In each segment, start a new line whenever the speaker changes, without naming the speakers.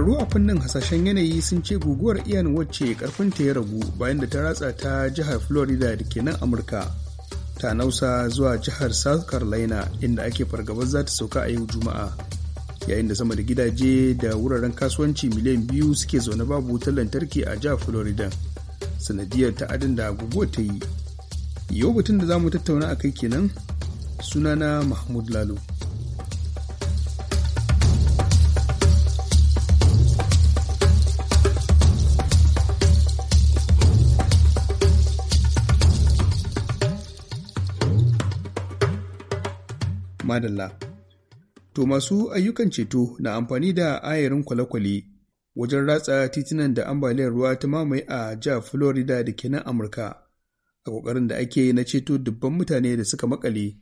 kwararru a fannin hasashen yanayi sun ce guguwar iyan wacce ta ya ragu bayan da ta ratsa ta jihar florida da ke nan amurka ta nausa zuwa jihar south carolina inda ake fargabar za ta sauka a yau juma'a yayin da sama da gidaje da wuraren kasuwanci miliyan biyu suke zaune babu wutar lantarki a jihar florida sanadiyar adin da guguwar ta yi yau batun da za mu tattauna a kai kenan sunana mahmud lalo madalla to masu ayyukan ceto na amfani da ayarin kwale-kwale wajen ratsa titunan da ambaliyar ruwa ta mamaye a jihar florida da ke nan amurka a ƙoƙarin da ake yi na ceto dubban mutane da suka makale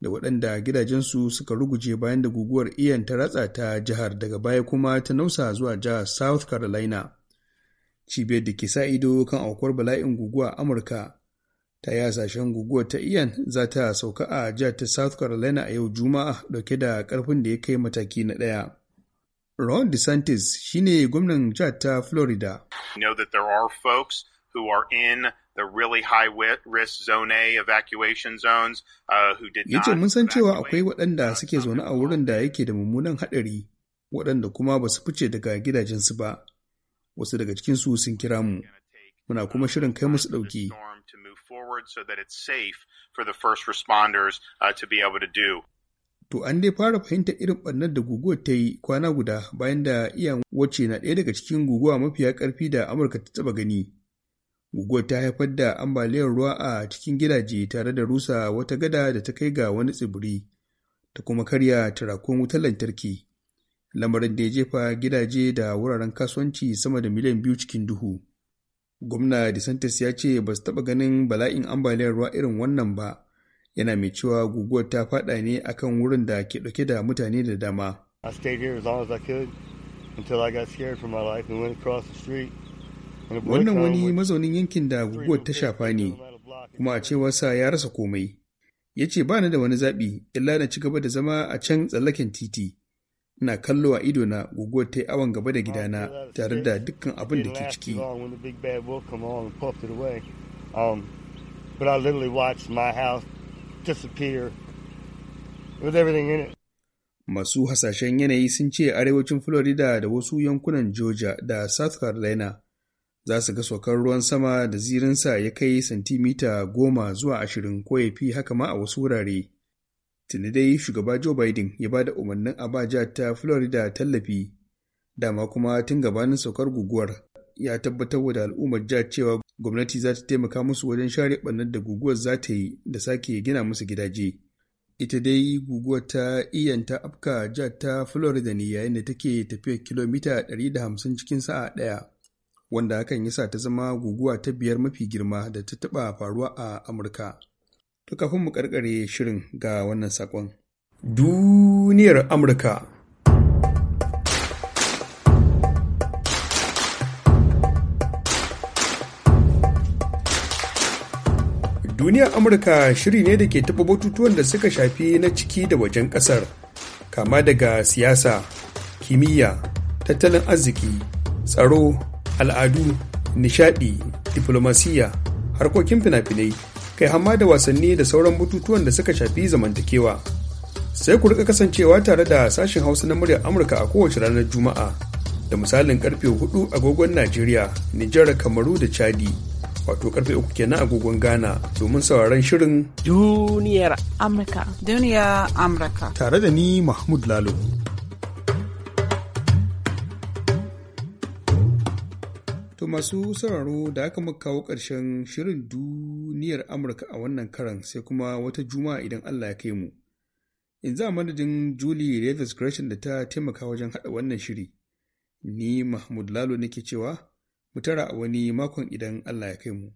da waɗanda gidajensu suka ruguje bayan da guguwar iyan ta ratsa ta jihar daga baya kuma ta nausa zuwa jihar south carolina cibiyar da ke sa ido kan aukuwar bala'in guguwa amurka ta yi hasashen guguwar ta iyan za ta sauka a jihar ta south carolina a yau juma'a dauke da karfin da ya kai mataki na daya ron desantis shine gwamnan jihar ta florida know that there are in the really high risk uh, Yace mun san cewa akwai waɗanda suke zaune a wurin da yake da mummunan haɗari waɗanda kuma ba su fice daga gidajensu ba. Wasu daga cikinsu sun kira mu. Muna kuma shirin kai musu ɗauki. forward so that it's safe for the first responders uh, to be able to do. To an dai fara fahimtar irin ɓarnar da guguwar ta yi kwana guda bayan da iyan wacce na ɗaya daga cikin guguwa mafiya ƙarfi da Amurka ta taɓa gani. Guguwar ta haifar da ambaliyar ruwa a cikin gidaje tare da rusa wata gada da ta kai ga wani tsibiri, ta kuma karya tarakon wutar lantarki. Lamarin da ya jefa gidaje da wuraren kasuwanci sama da miliyan biyu cikin duhu. Gwamna DeSantis ya ce ba su taɓa ganin bala'in ambaliyar ruwa irin wannan ba, yana mai cewa guguwar ta faɗa ne akan wurin da ke ɗauke da mutane da dama.
Wannan wani
mazaunin yankin da guguwar ta shafa ne, kuma a cewarsa ya rasa komai. Ya ce ba ni da wani zaɓi, illa na ci gaba da zama a can tsallaken titi. na kallo a ido na guguwar ta yi awon gaba da gidana tare da dukkan abin da ke ciki um, Masu hasashen yanayi sun ce arewacin Florida da wasu yankunan Georgia da South Carolina za su ga saukar ruwan sama da zirinsa ya kai santimita goma zuwa 20 ko ya fi haka ma a wasu wurare. Tuni dai shugaba Joe Biden ya ba da umarnin a ba ta Florida tallafi, dama kuma tun gabanin saukar guguwar ya tabbatar da al'ummar ja cewa gwamnati za ta taimaka musu wajen share ɓannar da guguwar za ta yi da sake gina musu gidaje. Ita dai guguwar ta iyan ta afka ja ta Florida ne yayin da take tafiyar kilomita 150 cikin sa'a ɗaya, wanda hakan ya sa ta zama guguwa ta biyar mafi girma da ta taɓa faruwa a Amurka. To kafin mu karkare shirin ga wannan sakon. Duniyar Amurka. Duniyar Amurka shiri ne da ke taɓa batutuwan da suka shafi na ciki da wajen ƙasar, kama daga siyasa, kimiyya, tattalin arziki, tsaro, al'adu, nishaɗi, diflomasiyya, harkokin fina-finai kai hama da wasanni da sauran bututuwan da suka shafi zamantakewa. Sai ku rika kasancewa tare da sashen Hausa na muryar Amurka a kowace ranar Juma'a da misalin karfe 4 agogon Najeriya, Nijar, Kamaru da Chadi. Wato karfe uku kenan agogon Ghana domin sauraron shirin Duniyar Amurka. Duniyar Amurka. Tare da ni Mahmud Lalo. To masu sauraro da aka muka kawo ƙarshen shirin duniya. duniyar Amurka a wannan karan sai kuma wata juma'a idan Allah ya kai mu. In za madadin Julie Davis Gresham da ta taimaka wajen haɗa wannan shiri. Ni Mahmud Lalo nake cewa, mu tara a wani makon idan Allah ya kai mu.